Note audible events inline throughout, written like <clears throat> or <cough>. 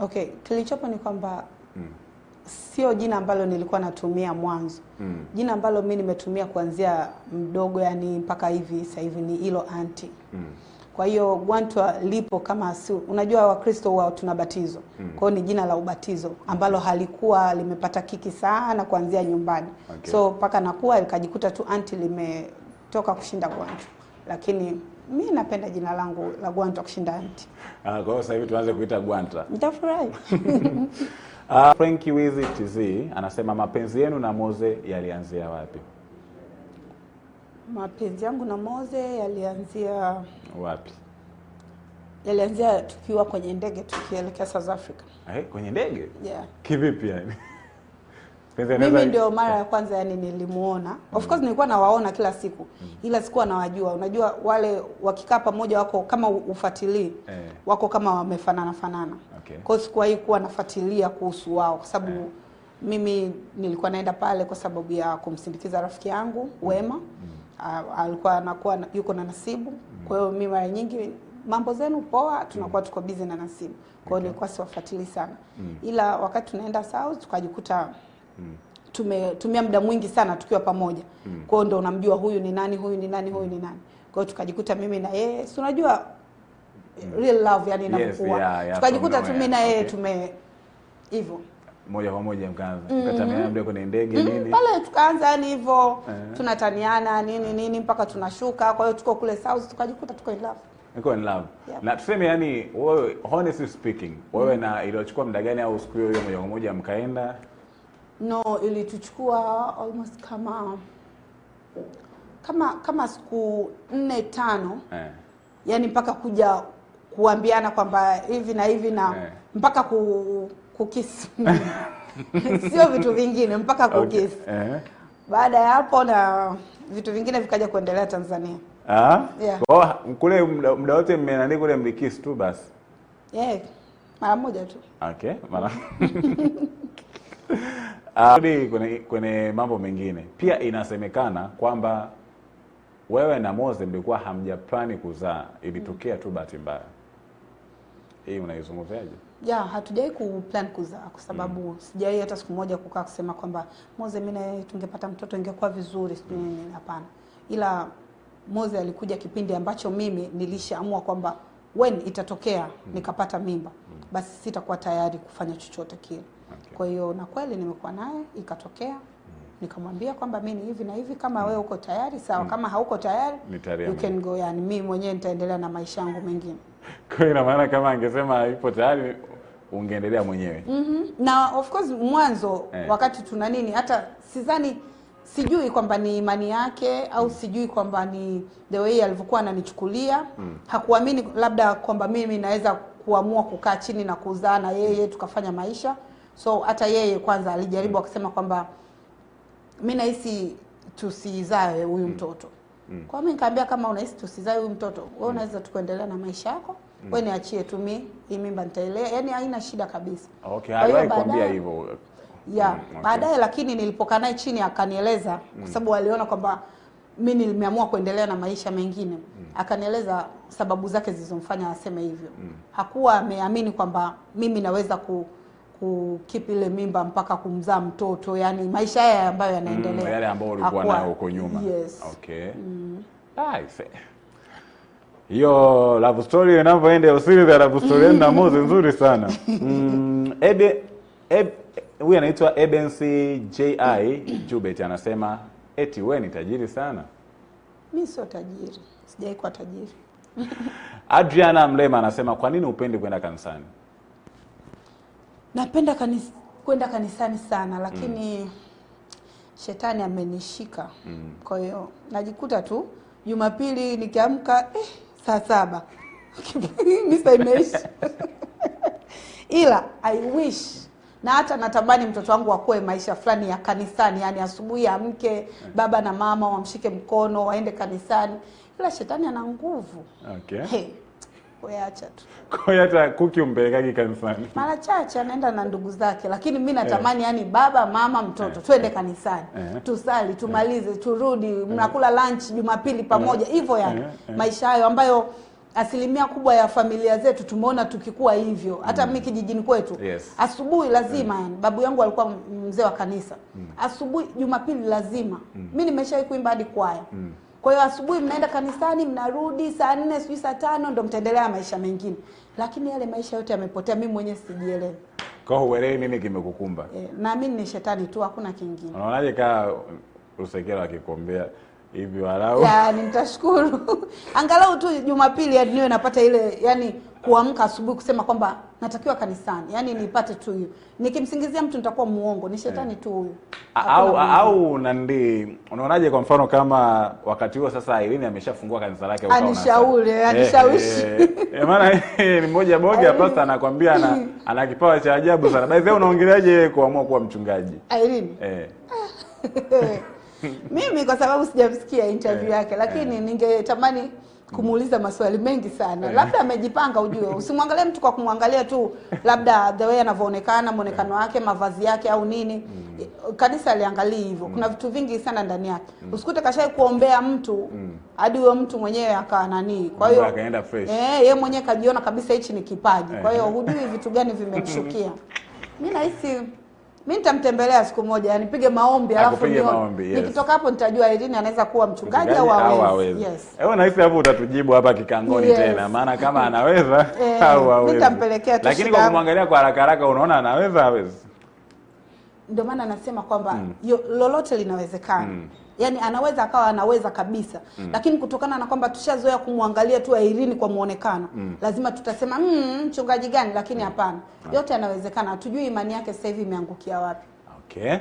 Okay, kilichopo ni kwamba mm. sio jina ambalo nilikuwa natumia mwanzo mm. jina ambalo mi nimetumia kuanzia mdogo yani mpaka hivi sasa hivi ni hilo anti mm. kwa hiyo Gwantwa lipo kama si, unajua Wakristo wao tunabatizwa mm. kwa hiyo ni jina la ubatizo ambalo halikuwa limepata kiki sana kuanzia nyumbani okay. so mpaka nakuwa likajikuta tu anti limetoka kushinda Gwantwa lakini Mi napenda jina langu la Gwanta kushinda anti. Ah, kwa hiyo sasa hivi tuanze kuita Gwanta. Nitafurahi. <laughs> Ah, Frankie Wizi TZ anasema mapenzi yenu na Moze yalianzia wapi? Mapenzi yangu na Moze yalianzia wapi? Yalianzia tukiwa kwenye ndege tukielekea South Africa. Eh, kwenye ndege? Yeah. Kivipi yani? Mimi ndio mara ya kwanza yani nilimuona. Of course nilikuwa nawaona kila siku mm-hmm. ila sikuwa nawajua. Unajua wale wakikaa pamoja wako kama ufuatilie eh. wako kama wamefanana fanana. Okay. Kwa hiyo sikuwahi kuwa nafuatilia kuhusu wao kwa sababu eh. mimi nilikuwa naenda pale kwa sababu ya kumsindikiza rafiki yangu mm-hmm. Wema. Mm-hmm. Alikuwa anakuwa yuko na Nasibu. Kwa hiyo mimi mara nyingi mambo zenu poa, tunakuwa tuko busy na Nasibu. Kwa hiyo okay. nilikuwa siwafuatili sana. mm. Ila wakati tunaenda South tukajikuta Mm. tume tumia muda mwingi sana tukiwa pamoja mm. kwao ndo unamjua huyu ni nani huyu ni nani huyu ni mm. nani kwao tukajikuta mimi na yeye si unajua mm. real love yani inakuwa yes, yeah, yeah, tukajikuta tu mimi na yeye okay. tume hivyo moja kwa moja mkaanza mm. Mm-hmm. mkatamia mda kwenye ndege mm. nini pale tukaanza yani hivyo uh. Eh. -huh. tunataniana nini nini mpaka tunashuka kwa hiyo tuko kule south tukajikuta tuko in love niko in love yep. na tuseme yani wewe honestly speaking wewe mm. na iliyochukua muda gani au siku hiyo moja kwa moja mkaenda No, ilituchukua almost kama kama kama siku nne tano eh. Yani mpaka kuja kuambiana kwamba hivi na hivi na eh. mpaka ku, kukisi <laughs> sio vitu vingine mpaka kukisi okay. eh. Baada ya hapo na vitu vingine vikaja kuendelea Tanzania. Ah? Yeah. Kwa oh, kule muda wote mmenani kule mlikisi tu basi. Yeah. Mara moja tu. Okay, mara <laughs> uh, kwenye, kwenye mambo mengine pia inasemekana kwamba wewe na Mose mlikuwa hamjaplani kuzaa, ilitokea tu bahati mbaya. Hii unaizungumziaje? Ya, hatujawai kuplan kuzaa kwa sababu mm. Sijawai hata siku moja kukaa kusema kwamba Mose, mimi yeye tungepata mtoto ingekuwa vizuri sijui mm. nini. Hapana, ila Mose alikuja kipindi ambacho mimi nilishaamua kwamba when itatokea mm. nikapata mimba mm. basi sitakuwa tayari kufanya chochote kile. Okay. Kwa hiyo na kweli nimekuwa naye ikatokea mm. nikamwambia kwamba mi ni hivi na hivi, kama mm. wewe uko tayari sawa, mm. kama hauko tayari you can go, yani mimi mwenyewe nitaendelea na maisha yangu mengine. <laughs> Kwa hiyo ina maana kama angesema ipo tayari ungeendelea mwenyewe. mm -hmm. na of course mwanzo eh, wakati tuna nini, hata sidhani, sijui kwamba ni imani yake au mm. sijui kwamba ni the way alivyokuwa ananichukulia mm. hakuamini labda kwamba mimi naweza kuamua kukaa chini na kuzaa na yeye tukafanya maisha So hata yeye kwanza alijaribu mm. akasema kwamba mi nahisi tusizae huyu mm. mtoto mm. kwa mi nikaambia kama unahisi tusizae huyu mtoto we mm. unaweza tukuendelea na maisha yako mm. we niachie tu mi hii mimba nitaelea yani haina shida kabisa okay, kwambia hivyo ya mm, okay. baadaye lakini nilipokaa naye chini akanieleza mm. kwa sababu aliona kwamba mi nimeamua kuendelea na maisha mengine mm. akanieleza sababu zake zilizomfanya aseme hivyo mm. hakuwa ameamini kwamba mimi naweza ku kukipi ile mimba mpaka kumzaa mtoto, yani maisha haya ambayo yanaendelea mm, yale ambayo ulikuwa nayo huko nyuma. Yes. Okay. Mm. Nice. Hiyo love story inavyoenda, usiri ya love story mm. Yaani na mozi nzuri sana. Mm, ebe ebe huyu anaitwa Ebensi JI Jubet anasema eti we ni tajiri sana. Mi sio tajiri. Sijaikuwa tajiri. Adriana Mlema anasema kwa nini upendi kwenda kanisani? napenda kanis, kwenda kanisani sana lakini mm. shetani amenishika mm. kwa hiyo najikuta tu Jumapili nikiamka eh, saa saba <laughs> misa imeisha <laughs> ila I wish na hata natamani mtoto wangu akuwe maisha fulani ya kanisani, yani asubuhi ya amke mm. baba na mama wamshike mkono waende kanisani, ila shetani ana nguvu okay. hey. Koyacha tu. Koyacha kuki umpelekagi kanisani? Mara chache anaenda na ndugu zake, lakini mi natamani yeah. Yani baba mama mtoto eh. Twende eh. kanisani yeah. Tusali tumalize eh. turudi yeah. Mnakula lunch Jumapili pamoja hivyo yeah. Yani Yeah. Maisha hayo ambayo asilimia kubwa ya familia zetu tumeona tukikuwa hivyo hata mm. mi kijijini kwetu yes. Asubuhi lazima mm. yani, babu yangu alikuwa mzee wa kanisa mm. Asubuhi Jumapili lazima mm. mi nimeshawahi kuimba hadi kwaya mm. Kwa hiyo asubuhi mnaenda kanisani, mnarudi saa nne, sijui saa tano, ndo mtaendelea maisha mengine, lakini yale maisha yote yamepotea. Mimi mwenyewe sijielewi. Kwa huelewi uelewi mimi kimekukumba. E, naamini ni shetani tu, hakuna kingine. Unaonaje kaa Lusekela akikuombea hivi walau nitashukuru <laughs> angalau tu Jumapili hadi niwe napata ile yani kuamka asubuhi kusema kwamba natakiwa kanisani, yani nipate tu hiyo. Nikimsingizia mtu nitakuwa muongo, ni shetani eh. tu huyu. Au au nandi, unaonaje? Kwa mfano kama wakati huo sasa Irene ameshafungua kanisa lake ukaona anishauri eh, anishawishi, eh, maana ni mmoja boga pasta anakwambia ana ana kipawa cha ajabu sana. By the way, unaongeleaje kuamua kuwa mchungaji Irene? eh <laughs> <laughs> mimi kwa sababu sijamsikia interview eh, yake, lakini eh. ningetamani kumuuliza maswali mengi sana, eh. labda amejipanga. Ujue, usimwangalie mtu kwa kumwangalia tu labda the way anavyoonekana, mwonekano wake, mavazi yake au nini. Mm. Kanisa aliangalia hivyo, mm. kuna vitu vingi sana ndani yake. Mm. Usikute kashai kuombea mtu hadi huyo mtu mwenyewe akawa nani. Kwa hiyo akaenda fresh, eh, yeye mwenyewe kajiona kabisa hichi ni kipaji. Kwa hiyo hujui vitu gani vimemshukia. Mimi <laughs> nahisi mi nitamtembelea siku moja, nipige maombi alafu maombi, yes. Nikitoka hapo nitajua Irene anaweza kuwa mchungaji au hawezi. Yes. nahisi hapo utatujibu hapa kikangoni yes. Tena maana kama anaweza <laughs> eh, au hawezi nitampelekea, lakini kwa kumwangalia kwa haraka haraka unaona anaweza hawezi. Ndio maana anasema kwamba mm. lolote linawezekana mm yani anaweza akawa anaweza kabisa mm. Lakini kutokana na kwamba tushazoea kumwangalia tu airini kwa muonekano mm. lazima tutasema mm, mchungaji mm, gani, lakini mm. hapana mm. Ah. right. Yote yanawezekana, hatujui imani yake sasa hivi imeangukia wapi. Okay. Yeah.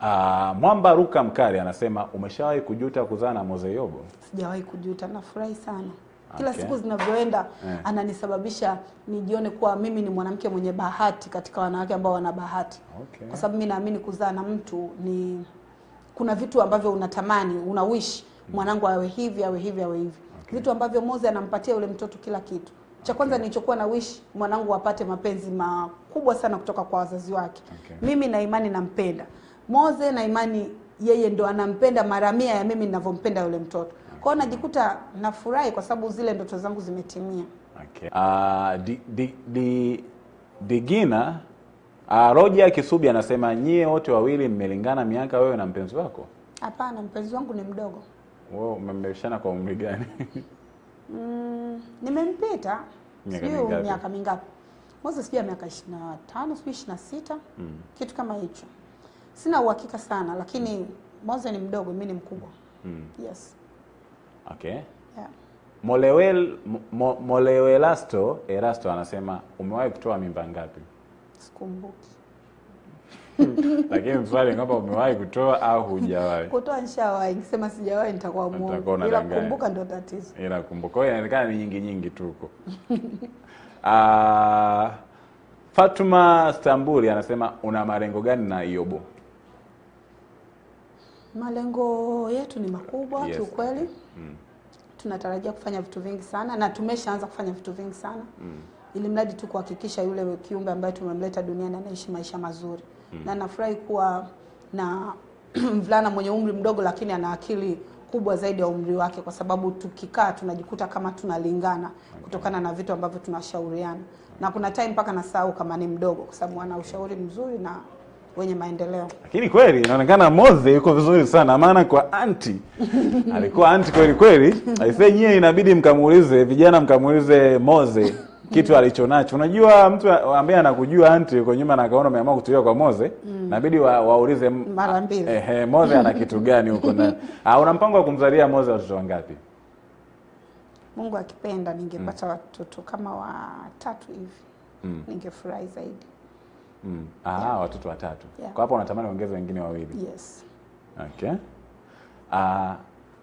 Uh, ah, Mwamba Ruka Mkari anasema umeshawahi kujuta kuzaa na Mose Yobo? Sijawahi kujuta, nafurahi sana kila okay. siku zinavyoenda yeah. ananisababisha nijione kuwa mimi ni mwanamke mwenye bahati katika wanawake ambao wana bahati okay. kwa sababu mimi naamini kuzaa na mtu ni kuna vitu ambavyo unatamani unawishi mm. mwanangu awe hivi awe hivi awe hivi okay. vitu ambavyo Moze anampatia yule mtoto kila kitu cha kwanza okay. nilichokuwa na wish mwanangu apate mapenzi makubwa sana kutoka kwa wazazi wake okay. mimi na imani nampenda Moze na imani yeye ndo anampenda mara mia ya mimi ninavyompenda yule mtoto kwao najikuta nafurahi kwa sababu zile ndoto zangu zimetimia okay. uh, di, di, di, digina Uh, Kisubi anasema nyie wote wawili mmelingana miaka, wewe na mpenzi wako? Hapana, mpenzi wangu ni mdogo. Wewe umembishana kwa umri gani? <laughs> Mm, nimempita sio miaka mingapi? Mwanzo sijui miaka 25, sijui 26. Mm. Kitu kama hicho. Sina uhakika sana lakini mm. ni mdogo, mimi ni mkubwa. Mm. Yes. Okay. Yeah. Molewel, mo, Molewelasto Erasto anasema umewahi kutoa mimba ngapi? Sikumbuki. Hmm. Lakini mswali ngapa umewahi kutoa au hujawahi kutoa. Nishawahi, nikisema sijawahi nitakuwa muongo. ila kumbuka ndio tatizo, ila kumbuka. Kwa hiyo inaonekana ni nyingi nyingi <laughs> Ah, uh, Fatuma Stambuli anasema una malengo gani na Iyobo? Malengo yetu ni makubwa yes, kiukweli mm. Tunatarajia kufanya vitu vingi sana na tumeshaanza kufanya vitu vingi sana mm ili mradi tu kuhakikisha yule kiumbe ambaye tumemleta duniani anaishi maisha mazuri mm. na nafurahi kuwa na <clears throat> mvulana mwenye umri mdogo lakini ana akili kubwa zaidi ya umri wake, kwa sababu tukikaa tunajikuta kama tunalingana kutokana na vitu ambavyo tunashauriana, na kuna time mpaka nasahau kama ni mdogo, kwa sababu ana ushauri mzuri na wenye maendeleo. Lakini kweli inaonekana Moze yuko vizuri sana, maana kwa anti <laughs> alikuwa anti kweli kweli. Aisee, nyie inabidi mkamuulize, vijana mkamuulize Moze kitu alicho nacho. Unajua mtu ambaye anakujua anti yuko nyuma na kaona umeamua kutulia kwa Moze, mm. nabidi wa, waulize mara mbili. Eh, eh, Moze ana kitu <laughs> gani huko na ah, una mpango wa kumzalia Moze watoto wangapi? Mungu akipenda ningepata mm. watoto kama watatu hivi. Mm. Ningefurahi zaidi. Mm. Ah, yeah. Watoto watatu. Yeah. Kwa hapo unatamani ongeze wengine wawili. Yes. Okay. Ah,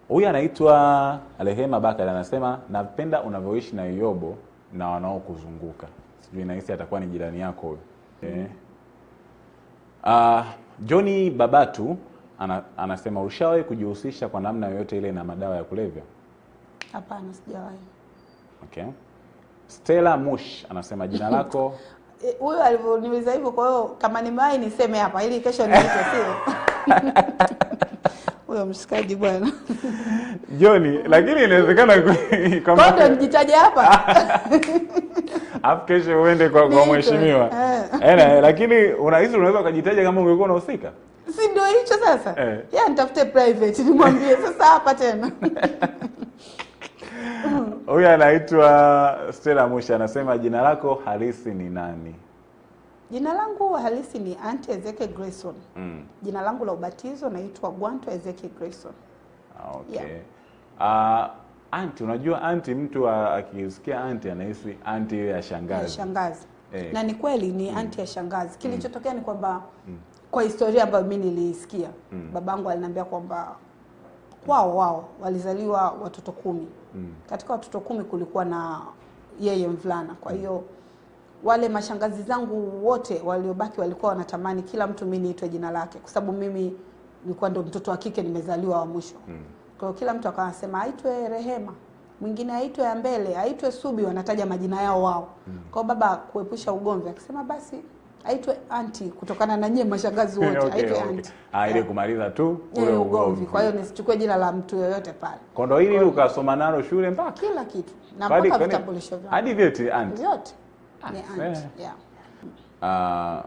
huyu anaitwa Rehema Bakari anasema napenda unavyoishi na Yobo na wanaokuzunguka. Sijui nahisi atakuwa ni jirani yako huyo. eh. Uh, ah, Johnny Babatu ana, anasema ushawahi kujihusisha kwa namna yoyote ile na madawa ya kulevya? Hapana, sijawahi. Okay. Stella Mush anasema jina <laughs> lako eh, huyo alivyoniuliza hivyo, kwa hiyo kama nimewahi niseme hapa ili kesho niite, sio? <laughs> huyo msikaji bwana <laughs> Joni, lakini inawezekana kwamba mjitaje hapa <laughs> afu kesho uende kwa kwa mheshimiwa eh, eh lakini unahisi unaweza ukajitaja kama ungekuwa unahusika, si ndio hicho sasa eh? Ya nitafute private nimwambie <laughs> sasa hapa tena Huyu anaitwa Stella Musha, anasema jina lako halisi ni nani? Jina langu halisi ni Aunty Ezeke Grayson. Mm. Jina langu la ubatizo naitwa Gwanto Ezeke Grayson. Ah, okay. Yeah. Uh, aunty, unajua aunty, mtu akisikia aunty anahisi aunty ya shangazi. Ya shangazi. Eh. Na ni kweli ni mm. ya shangazi. Mm. Kilichotokea mm. ni kwamba mm. kwa historia ambayo mimi niliisikia, mm. babangu aliniambia kwamba kwao wao walizaliwa watoto kumi. Mm. Katika watoto kumi kulikuwa na yeye mvulana. Kwa mm. hiyo mm wale mashangazi zangu wote waliobaki walikuwa wanatamani kila mtu mi niitwe jina lake, kwa sababu mimi nilikuwa ndo mtoto wa kike nimezaliwa wa mwisho mm. Kwa hiyo kila mtu akawa anasema aitwe Rehema, mwingine aitwe Ambele, aitwe Subi, wanataja majina yao wao mm. Kwa baba kuepusha ugomvi akisema basi aitwe anti kutokana na nyie mashangazi <laughs> wote okay, aitwe okay. anti ah, ile kumaliza tu eh, ule ugomvi. Kwa hiyo nisichukue jina la mtu yoyote pale. Kondo hili ukasoma nalo shule mpaka kila kitu na mpaka vitambulisho vyote hadi vyote anti vyote Ah, ah,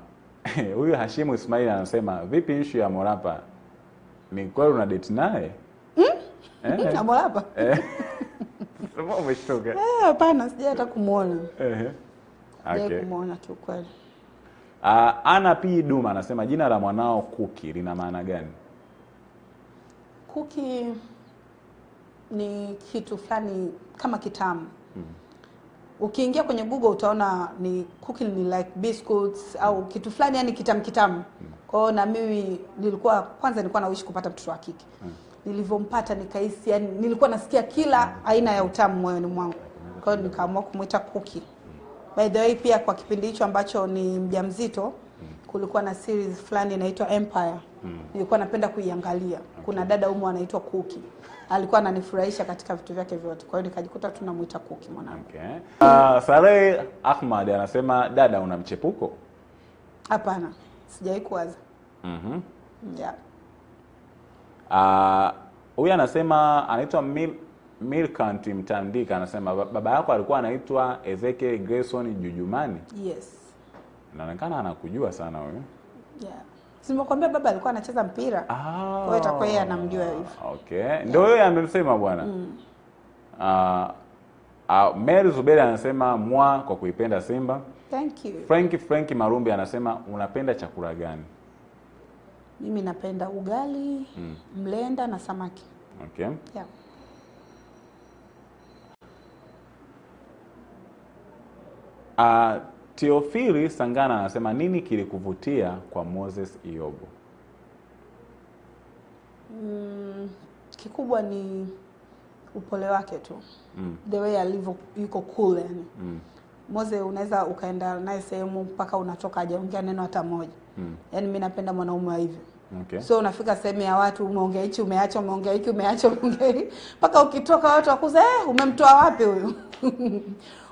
<laughs> eh, huyu Hashimu Ismail anasema vipi ishu ya Morapa, ni kweli una date naye? Hmm? Eh. <laughs> Na eh. <laughs> Hapana, sija hata kumwona. Kumwona tu kweli. Ana ah, P Duma anasema jina la mwanao Kuki lina maana gani? Kuki ni kitu fulani kama kitamu. mm -hmm ukiingia kwenye Google utaona ni cooking ni like biscuits au kitu fulani, yani kitamu kitamu. Kwa hiyo na mimi nilikuwa kwanza, nilikuwa naishi kupata mtoto wa kike. Nilivyompata nikahisi, yani nilikuwa nasikia kila aina ya utamu moyoni mwangu, kwa hiyo nikaamua kumwita Cookie. By the way, pia kwa kipindi hicho ambacho ni mjamzito kulikuwa na series fulani inaitwa Empire. Nilikuwa napenda kuiangalia. Kuna dada humo anaitwa Cookie alikuwa ananifurahisha katika vitu vyake vyote, kwa hiyo nikajikuta tunamwita Kuki mwanangu. Okay. Uh, Saleh Ahmad anasema dada, una mchepuko? Hapana, sijawahi kuwaza. mm -hmm. yeah. Uh, huyu anasema anaitwa Mil Milkant Mtandika anasema baba yako alikuwa anaitwa Ezekiel Grayson Jujumani. Yes. Inaonekana anakujua sana huyu. Yeah. Simekuambia baba alikuwa anacheza mpira. Ah. Kwa hiyo itakuwa yeye anamjua hivyo. Okay. Ndio yeye amemsema bwana. Mm. Uh, uh, Mary Zuberi anasema mwa kwa kuipenda Simba. Thank you. Frank Frank Marumbi anasema unapenda chakula gani? Mimi napenda ugali, mm. mlenda na samaki. Okay. Yeah. Uh, Teofili Sangana anasema nini kilikuvutia kwa Moses Iyobo? Mm, kikubwa ni upole wake tu mm. the way alivyo yuko cool yani mm. Mose unaweza ukaenda naye sehemu mpaka unatoka hajaongea neno hata moja mm. Yaani mimi napenda mwanaume wa hivyo okay. So unafika sehemu ya watu umeongea hichi umeacha, umeongea hiki umeacha, umeongea mpaka ukitoka watu wakuza eh, umemtoa wapi huyu <laughs>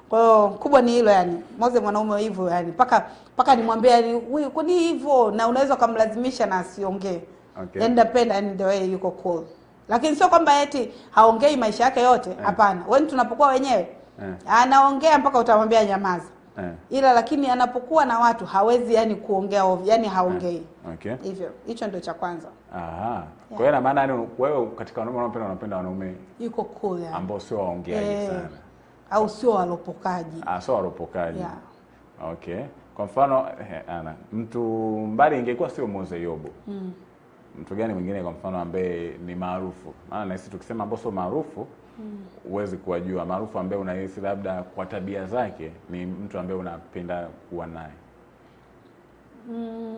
Kwa hiyo kubwa ni hilo yani. Moze mwanaume hivyo yani. Paka paka nimwambie yani huyu kuni hivyo na unaweza kumlazimisha na asiongee. Okay. Yaani napenda yani the way yuko cool. Lakini sio kwamba eti haongei maisha yake yote, eh. hapana. Eh. Wewe tunapokuwa wenyewe Eh. Anaongea mpaka utamwambia nyamaza. Eh. Ila lakini anapokuwa na watu hawezi yani kuongea ovyo, yani haongei. Eh. Okay. Hivyo. Hicho ndio cha kwanza. Aha. Kwa hiyo na maana yani wewe katika wanaume unapenda wanaume yuko cool yani. Ambao sio waongeaji eh. sana au sio walopokaji Ah, sio walopokaji yeah. Okay, kwa mfano eh, eh, ana mtu mbali, ingekuwa sio Mose yobo mm. Mtu gani mwingine kwa mfano ambaye ni maarufu? Maana nahisi tukisema ambao sio maarufu mm. huwezi mm. kuwajua maarufu. Ambaye unahisi labda kwa tabia zake ni mtu ambaye unapenda kuwa naye mm,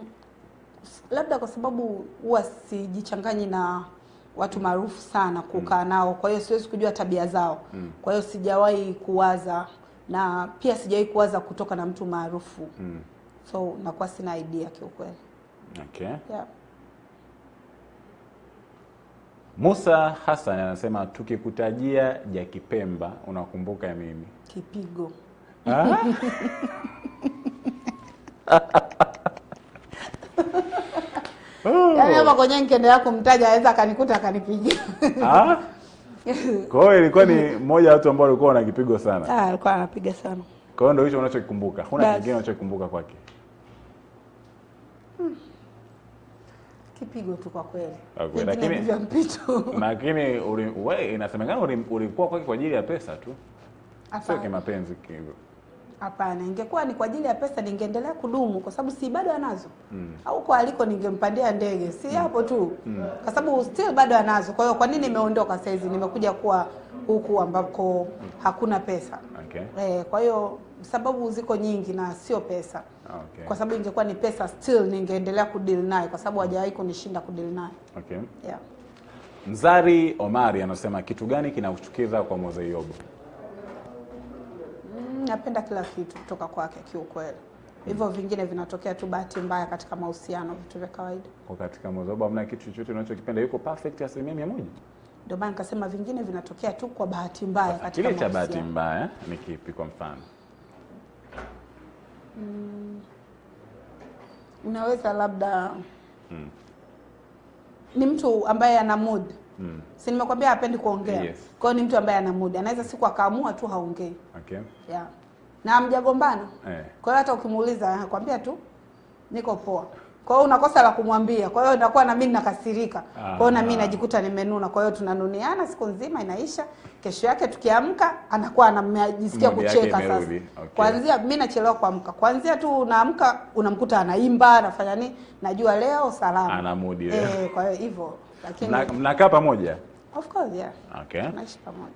labda kwa sababu huwa sijichanganyi na watu maarufu sana kukaa mm. nao, kwa hiyo siwezi kujua tabia zao. Mm. Kwa hiyo sijawahi kuwaza na pia sijawahi kuwaza kutoka na mtu maarufu mm. So nakuwa sina idea kiukweli. Okay. Yeah. Musa Hassan anasema tukikutajia Jaki Pemba unakumbuka mimi. Kipigo. Ah? <laughs> Oh. Yaani hapa kwenye nikiendelea kumtaja aweza akanikuta akanipigia. Ah? <laughs> Kwa hiyo ilikuwa ni mmoja watu ambao walikuwa wanakipigwa sana. Ah, alikuwa anapiga sana. Kwa hiyo ndio hicho unachokikumbuka. Huna kingine unachokikumbuka kwake. Hmm. Kipigo tu kwa kweli. Okay, lakini <laughs> lakini uli, wewe inasemekana ulikuwa kwake kwa ajili ya pesa tu. Sio kimapenzi hivyo. Hapana, ingekuwa ni kwa ajili ya pesa ningeendelea kudumu kwa sababu si bado anazo mm. au kwa aliko ningempandia ndege si mm. hapo mm. tu mm. kwa sababu still bado anazo. Kwa hiyo kwa nini nimeondoka saizi hizi, nimekuja kuwa huku ambako mm. hakuna pesa okay. Eh, kwa hiyo sababu ziko nyingi na sio pesa okay. kwa sababu ingekuwa ni pesa still ningeendelea kudeal naye kwa sababu hajawahi kunishinda kudeal naye okay. yeah. Mzari Omari anasema kitu gani kinakuchukiza kwa Mzee Yobo? Mm, napenda kila kitu kutoka kwake kiukweli. Hivyo mm. vingine vinatokea tu bahati mbaya katika mahusiano, vitu vya kawaida. Kwa katika mazoba hamna kitu chochote unachokipenda, yuko perfect asilimia mia moja. Ndio maana nikasema vingine vinatokea tu kwa bahati mbaya katika mahusiano. Kile cha bahati mbaya ni kipi kwa mfano? Mm, unaweza labda mm. ni mtu ambaye ana mood mm. si nimekwambia hapendi kuongea yes. kwa hiyo ni mtu ambaye ana muda anaweza siku akaamua tu haongei okay. yeah. na amjagombana eh. kwa hiyo hata ukimuuliza anakwambia tu niko poa kwa hiyo unakosa la kumwambia, kwa hiyo inakuwa na mimi nakasirika, kwa hiyo na mimi ah. najikuta nimenuna. Kwa hiyo tunanuniana siku nzima, inaisha. Kesho yake tukiamka, anakuwa anajisikia kucheka sasa. Okay. Kwanzia mimi nachelewa kuamka, kwanzia tu unaamka unamkuta anaimba, anafanya nini, najua leo salama, ana mudi leo. E, eh, kwa hiyo hivyo lakini mnakaa pamoja? Of course yeah. Okay. Naishi pamoja.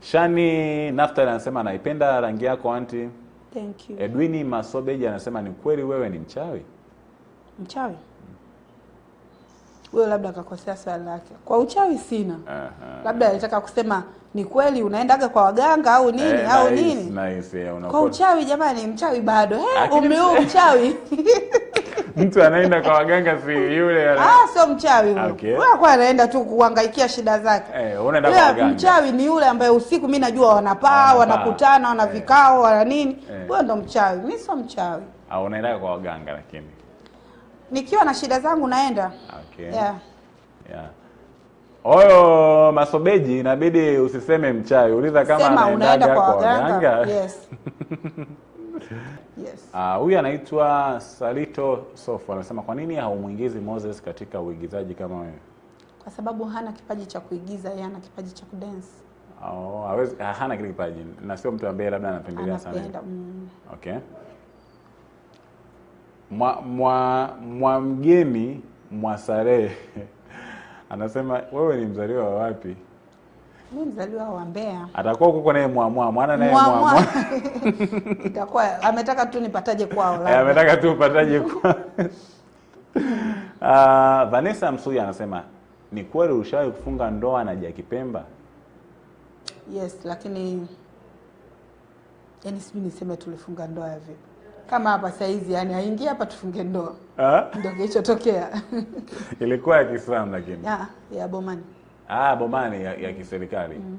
Shani Naftali anasema anaipenda rangi yako anti. Thank you. Edwini Masobeji anasema ni kweli wewe ni mchawi? Mchawi? Huyo labda akakosea swali lake. Kwa uchawi sina. Aha. Labda alitaka kusema ni kweli unaendaga kwa waganga au nini eh, au nice, nini? Nice, yeah, kwa uchawi jamani, mchawi bado. Hey, umeu mchawi. <laughs> mtu anaenda kwa waganga si yule yule. Ah, sio mchawi huyo. Okay. Kwa anaenda tu kuhangaikia shida zake. Eh, unaenda kwa waganga. Mchawi ni yule ambaye usiku mimi najua wanapaa, wanakutana, wana eh. vikao, wana nini. Huyo eh. ndo mchawi. Mimi sio mchawi. Ah, unaenda kwa waganga lakini. Nikiwa na shida zangu naenda. Okay. Yeah. Yeah. Oyo Masobeji, inabidi usiseme mchawi, uliza kama unaenda kwa waganga. Yes. <laughs> Yes. Uh, huyu anaitwa Salito Sofu anasema kwa nini haumwingizi Moses katika uigizaji kama wewe? Kwa sababu hana kipaji cha kuigiza, yeye ana kipaji cha kudance. Oh, hawezi ah, hana kile kipaji. Na sio mtu ambaye labda anapendelea sana. Mm. Okay. Mwa mwa, mwa mgeni mwa <laughs> anasema wewe ni mzaliwa wa wapi? mi mzaliwa wa Mbeya. Atakuwa huko naye mwamwa, mwana naye mwamwa. <laughs> Itakuwa ametaka tu nipataje kwao eh, labda. Ametaka tu upataje kwao. Uh, <laughs> Vanessa Msuya anasema ni kweli ushawahi kufunga ndoa na Jaki Pemba? Yes, lakini yaani sijui niseme tulifunga ndoa ya vipi. Kama hapa saizi yani aingia hapa tufunge ndoa. Ah? Ndio kilichotokea. <laughs> Ilikuwa ya Kiislamu lakini. Ah, ya Bomani ah, bomani ya, ya kiserikali mm.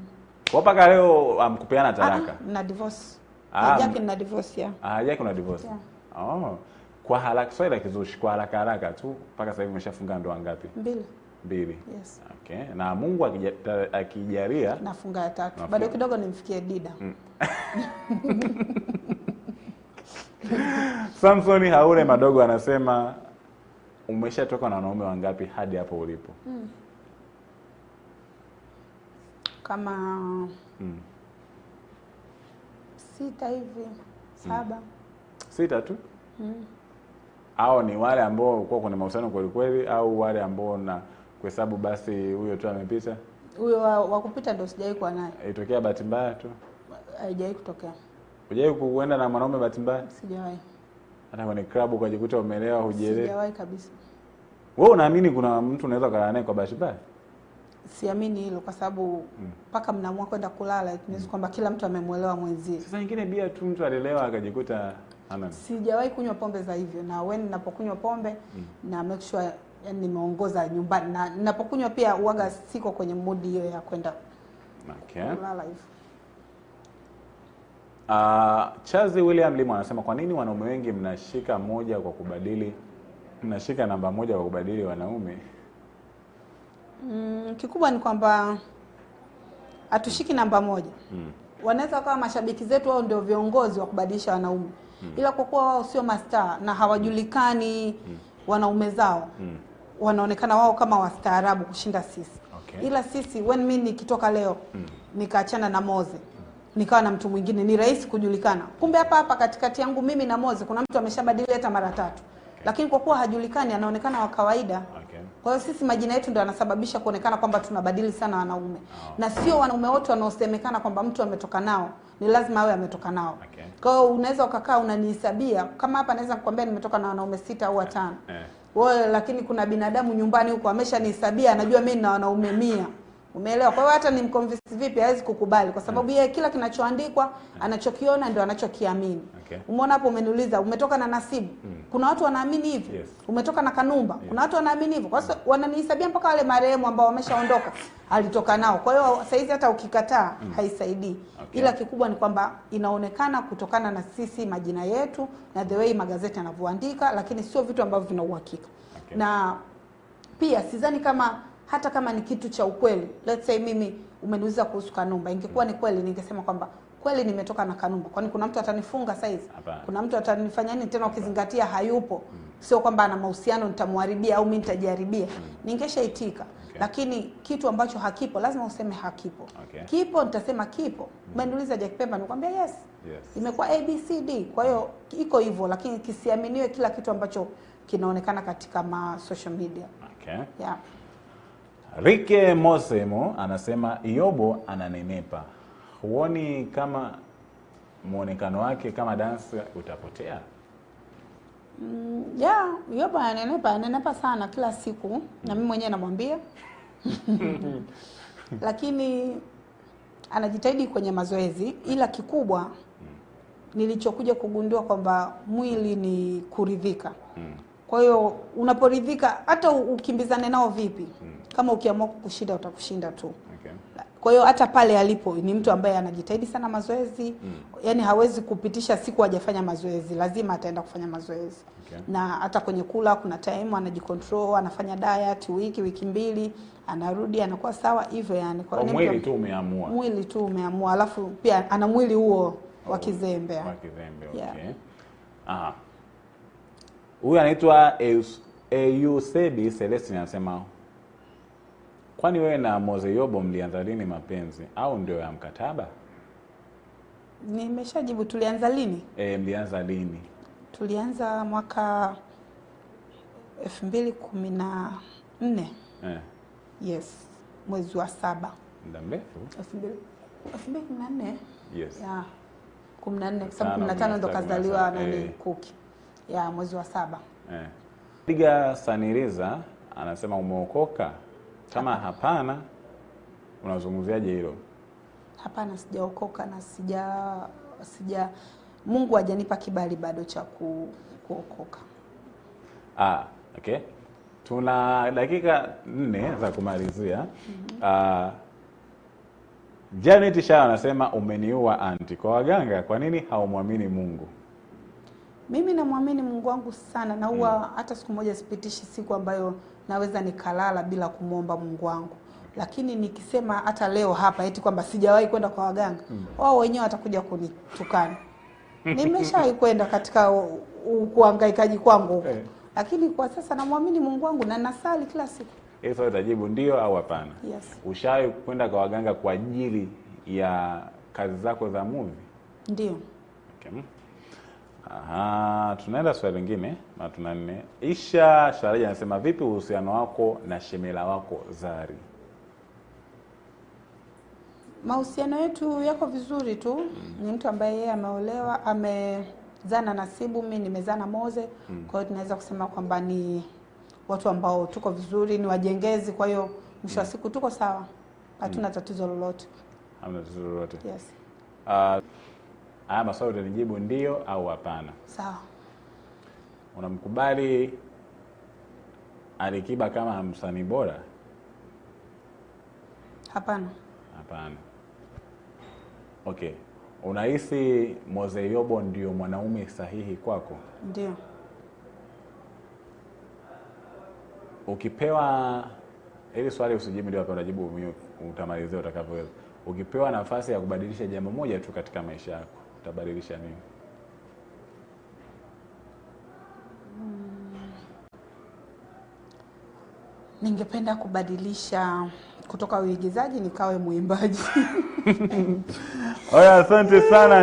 Kwa paka leo amkupeana um, ah, talaka ah, na divorce ah, yake ah, na divorce ya ah, yake na divorce yeah. Oh, kwa haraka swali la kizushi, kwa haraka haraka tu, paka sasa hivi umeshafunga ndoa ngapi? Mbili mbili. Yes. Okay. Na Mungu akijalia nafunga ya tatu. Bado kidogo nimfikie Dida. Mm. <laughs> Samson Haule Madogo anasema umeshatoka na wanaume wangapi hadi hapo ulipo? Mm kama mm. sita hivi hmm. saba mm. sita tu mm. au ni wale ambao kuwa kuna mahusiano kweli kweli, au wale ambao na kuhesabu basi huyo tu amepita, huyo wa kupita ndo sijawahi kuwa naye. Ilitokea bahati mbaya tu, haijawahi kutokea. Hujawahi kuenda na mwanaume bahati mbaya? Sijawahi. Hata kwenye club ukajikuta umeelewa hujielewi? Sijawahi kabisa. Wewe unaamini kuna mtu unaweza kulala naye kwa bahati mbaya? siamini hilo kwa sababu mm. mpaka mm. mnaamua kwenda kulala mm. kwamba kila mtu amemwelewa mwenzie. Sasa nyingine bia tu mtu alielewa akajikuta ana. Sijawahi kunywa pombe za hivyo, na when ninapokunywa pombe mm. na make sure yani nimeongoza nyumbani, na ninapokunywa pia uaga siko kwenye mood hiyo ya kwenda okay. kulala hivyo. Uh, ah, Chazi William Limo anasema kwa nini wanaume wengi mnashika moja kwa kubadili mnashika namba moja kwa kubadili wanaume Mm, kikubwa ni kwamba hatushiki namba moja mm. Wanaweza wakawa mashabiki zetu, wao ndio viongozi wa kubadilisha wanaume mm. Ila kwa kuwa wao sio mastaa na hawajulikani mm. wanaume zao mm. wanaonekana wao kama wastaarabu kushinda sisi okay. Ila sisi when mimi nikitoka leo mm. nikaachana na Moze nikawa na mtu mwingine, ni rahisi kujulikana. Kumbe hapa hapa katikati yangu mimi na Moze kuna mtu ameshabadili hata mara tatu, lakini kwa kuwa hajulikani, anaonekana wa kawaida okay. Kwa hiyo sisi majina yetu ndio yanasababisha kuonekana kwamba tunabadili sana wanaume oh. na sio wanaume wote wanaosemekana kwamba mtu ametoka nao ni lazima awe ametoka nao okay. Kwa hiyo unaweza ukakaa unanihesabia kama hapa, naweza kukwambia nimetoka na wanaume sita au watano eh. Wewe lakini kuna binadamu nyumbani huko ameshanihesabia, anajua mimi na wanaume mia Umeelewa? Kwa hiyo hata ni mconvince vipi hawezi kukubali kwa sababu mm. yeye kila kinachoandikwa mm. anachokiona ndio anachokiamini. Okay. Umeona hapo umeniuliza umetoka na nasibu. Mm. Kuna watu wanaamini hivyo. Yes. Umetoka na kanumba. Yes. Kuna watu wanaamini hivyo. Kwa hiyo wananihesabia mpaka wale marehemu ambao wameshaondoka alitoka nao. Kwa hiyo saizi hata ukikataa mm. haisaidii. Okay. Ila kikubwa ni kwamba inaonekana kutokana na sisi majina yetu na the way magazeti yanavyoandika, lakini sio vitu ambavyo vina uhakika. Okay. Na pia sidhani kama hata kama ni kitu cha ukweli. Let's say mimi umeniuliza kuhusu Kanumba, ingekuwa ni kweli ningesema kwamba kweli nimetoka na Kanumba, kwani kuna mtu atanifunga saizi? Kuna mtu atanifanya nini tena? Ukizingatia hayupo, mm. sio kwamba ana mahusiano nitamharibia au mimi nitajaribia mm. Ningeshaitika. Okay. Lakini kitu ambacho hakipo lazima useme hakipo. Okay. Kipo nitasema kipo. Mm. Umeniuliza Jack Pemba, nikwambia yes. Yes. Imekuwa ABCD. Kwa hiyo iko hivyo, lakini kisiaminiwe kila kitu ambacho kinaonekana katika ma social media. Okay. Yeah. Rike Mosemo anasema Yobo ananenepa, huoni kama mwonekano wake kama dansa utapotea? Mm, yeah, Yobo ananenepa, ananenepa sana kila siku mm. na mimi mwenyewe namwambia <laughs> lakini anajitahidi kwenye mazoezi, ila kikubwa mm. nilichokuja kugundua kwamba mwili ni kuridhika mm. Kwa hiyo unaporidhika, hata ukimbizane nao vipi, hmm. kama ukiamua kushinda utakushinda tu. Okay. Kwa hiyo hata pale alipo ni mtu ambaye anajitahidi sana mazoezi mm. Yaani hawezi kupitisha siku hajafanya mazoezi, lazima ataenda kufanya mazoezi. Okay. Na hata kwenye kula kuna time anajikontrol, anafanya diet wiki wiki mbili, anarudi anakuwa sawa hivyo yani. Kwa hiyo mwili tu umeamua, mwili tu umeamua, alafu pia ana mwili huo wa oh, kizembe. Wa kizembe, okay. Yeah. Aha. Huyu anaitwa Eusebi Celestin anasema kwani wewe na Mose Yobo mlianza lini mapenzi au ndio ya mkataba? Nimeshajibu tulianza lini? E, mlianza lini? Tulianza mwaka elfu mbili kumi na nne. Eh. Yes, mwezi wa saba. Muda mrefu? elfu mbili kumi na nne. Yes. Ya, kumi na nne kwa sababu kumi na tano ndo kazaliwa nani eh. Kuki ya mwezi wa saba eh. Diga Saniriza anasema umeokoka? Kama hapana, unazungumziaje hilo? Hapana, sijaokoka na sija sija, Mungu hajanipa kibali bado cha ku, kuokoka. Ah, okay. Tuna dakika nne za kumalizia. mm -hmm. Ah, Janet Shaw anasema umeniua anti, kwa waganga, kwa nini haumwamini Mungu? Mimi namwamini Mungu wangu sana na huwa mm. hata siku moja sipitishi siku ambayo naweza nikalala bila kumwomba Mungu wangu, lakini nikisema hata leo hapa eti kwamba sijawahi kwenda kwa waganga mm. wao wenyewe watakuja kunitukana. <laughs> Nimeshawahi kwenda katika kuhangaikaji kwangu eh. Lakini kwa sasa namwamini Mungu wangu na nasali kila siku. Hili swali utajibu ndio au hapana? Yes. Ushawahi kwenda kwa waganga kwa ajili ya kazi zako za movie? Ndio. Okay. Mm. Aha, tunaenda swali lingine na tuna nne. Isha Sharaja anasema vipi uhusiano wako na shemela wako Zari? Mahusiano yetu yako vizuri tu mm. Ni mtu ambaye yeye ameolewa, amezaa na Nasibu, mimi nimezaa na Moze mm. Kwa hiyo tunaweza kusema kwamba ni watu ambao tuko vizuri, ni wajengezi. Kwa hiyo mwisho wa mm. siku tuko sawa, hatuna mm. tatizo lolote, hamna tatizo lolote yes. Uh, haya ah, maswali utanijibu ndio au hapana. Sawa. Unamkubali Alikiba kama msanii bora? Hapana. Hapana. Okay. Unahisi Moze Yobo ndio mwanaume sahihi kwako? Ndio. Ukipewa hili swali usijibu ndio, utajibu utamalizia utakavyoweza. Ukipewa nafasi ya kubadilisha jambo moja tu katika maisha yako utabadilisha nini? Hmm. ningependa kubadilisha kutoka uigizaji nikawe mwimbaji. <laughs> Oya, asante sana.